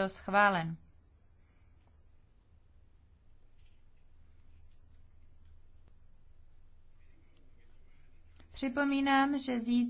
Tímto schválen. Připomínám, že zítra